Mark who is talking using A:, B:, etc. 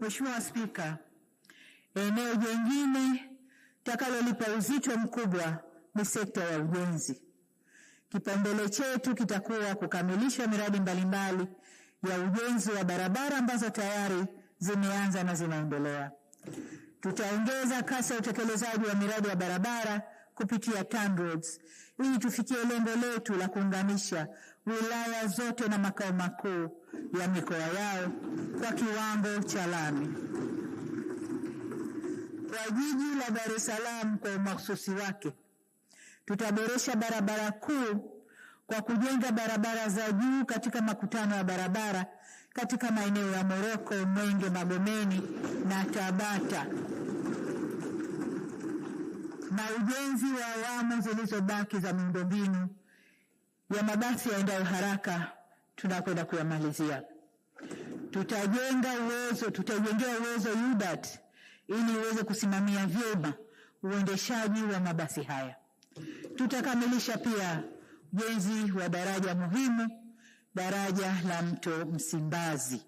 A: Mheshimiwa Spika, eneo jingine takalolipa uzito mkubwa ni sekta ya ujenzi. Kipaumbele chetu kitakuwa kukamilisha miradi mbalimbali ya ujenzi wa barabara ambazo tayari zimeanza na zinaendelea. Tutaongeza kasi ya utekelezaji wa miradi ya barabara kupitia TANROADS ili tufikie lengo letu la kuunganisha wilaya zote na makao makuu ya mikoa yao kwa kiwango cha lami. Kwa jiji la Dar es Salaam kwa umahususi wake, tutaboresha barabara kuu kwa kujenga barabara za juu katika makutano ya barabara katika maeneo ya Moroko, Mwenge, Magomeni na Tabata na ujenzi wa awamu zilizobaki za miundombinu ya mabasi yaendayo haraka tunakwenda kuyamalizia. Tutajenga uwezo, tutajengea uwezo UDART ili iweze kusimamia vyema uendeshaji wa mabasi haya. Tutakamilisha pia ujenzi wa daraja muhimu, daraja la mto Msimbazi.